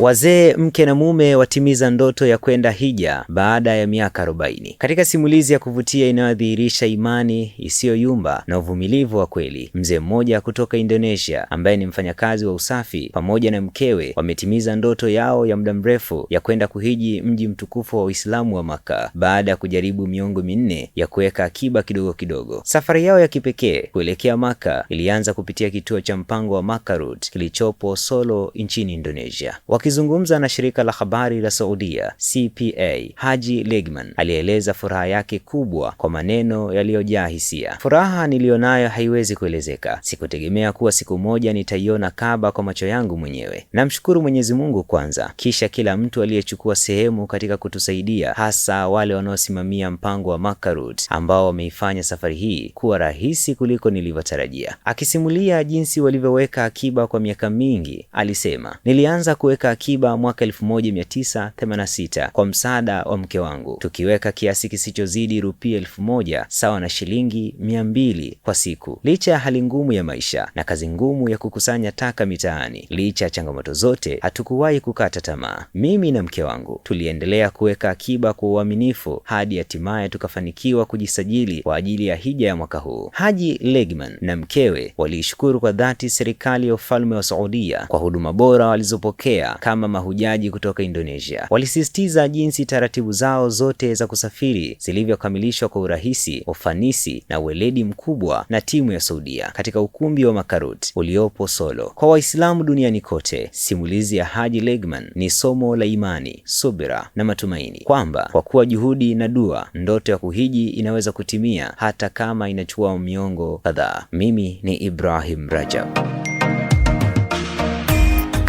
Wazee mke na mume watimiza ndoto ya kwenda hija baada ya miaka 40. Katika simulizi ya kuvutia inayodhihirisha imani isiyoyumba na uvumilivu wa kweli, mzee mmoja kutoka Indonesia ambaye ni mfanyakazi wa usafi pamoja na mkewe wametimiza ndoto yao ya muda mrefu ya kwenda kuhiji mji mtukufu wa Uislamu wa Maka baada ya kujaribu miongo minne ya kuweka akiba kidogo kidogo. Safari yao ya kipekee kuelekea Maka ilianza kupitia kituo cha mpango wa makarut kilichopo Solo nchini Indonesia. Waki Akizungumza na shirika la habari la Saudia CPA, Haji Ligman alieleza furaha yake kubwa kwa maneno yaliyojaa hisia. Furaha niliyonayo haiwezi kuelezeka. Sikutegemea kuwa siku moja nitaiona Kaaba kwa macho yangu mwenyewe. Namshukuru Mwenyezi Mungu kwanza, kisha kila mtu aliyechukua sehemu katika kutusaidia, hasa wale wanaosimamia mpango wa Makka Route ambao wameifanya safari hii kuwa rahisi kuliko nilivyotarajia. Akisimulia jinsi walivyoweka akiba kwa miaka mingi, alisema, nilianza kuweka akiba mwaka 1986 kwa msaada wa mke wangu, tukiweka kiasi kisichozidi rupia 1000 sawa na shilingi 200 kwa siku. Licha ya hali ngumu ya maisha na kazi ngumu ya kukusanya taka mitaani, licha ya changamoto zote, hatukuwahi kukata tamaa. Mimi na mke wangu tuliendelea kuweka akiba kwa uaminifu hadi hatimaye tukafanikiwa kujisajili kwa ajili ya hija ya mwaka huu. Haji Legman na mkewe waliishukuru kwa dhati serikali ya ufalme wa Saudia kwa huduma bora walizopokea kama mahujaji kutoka Indonesia. Walisisitiza jinsi taratibu zao zote za kusafiri zilivyokamilishwa kwa urahisi, ufanisi na ueledi mkubwa na timu ya Saudia katika ukumbi wa Makarut uliopo Solo. Kwa Waislamu duniani kote, simulizi ya Haji Legman ni somo la imani, subira na matumaini, kwamba kwa kuwa juhudi na dua, ndoto ya kuhiji inaweza kutimia hata kama inachukua miongo kadhaa. Mimi ni Ibrahim Rajab.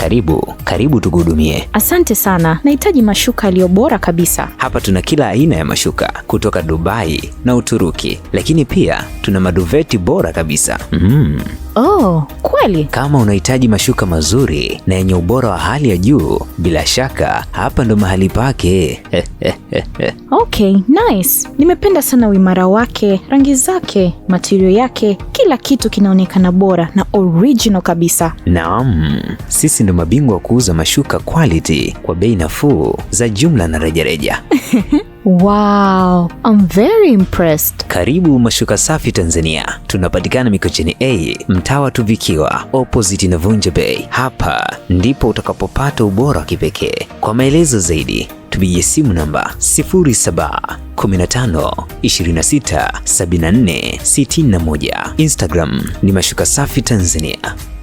Karibu, karibu tukuhudumie. Asante sana, nahitaji mashuka yaliyo bora kabisa. Hapa tuna kila aina ya mashuka kutoka Dubai na Uturuki, lakini pia tuna maduveti bora kabisa. Mm. Oh, kweli? Kama unahitaji mashuka mazuri na yenye ubora wa hali ya juu, bila shaka hapa ndo mahali pake. Okay, nice. Nimependa sana uimara wake, rangi zake, matirio yake kila kitu kinaonekana bora na original kabisa. Naam, sisi ndo mabingwa wa kuuza mashuka quality kwa bei nafuu za jumla na rejareja. Wow, I'm very impressed. Karibu Mashuka Safi Tanzania. Tunapatikana Mikocheni A, mtaa wa Tuvikiwa, opposite na Vunja Bay. Hapa ndipo utakapopata ubora wa kipekee. Kwa maelezo zaidi, tupigie simu namba 07 15 26 74 61. Instagram ni Mashuka Safi Tanzania.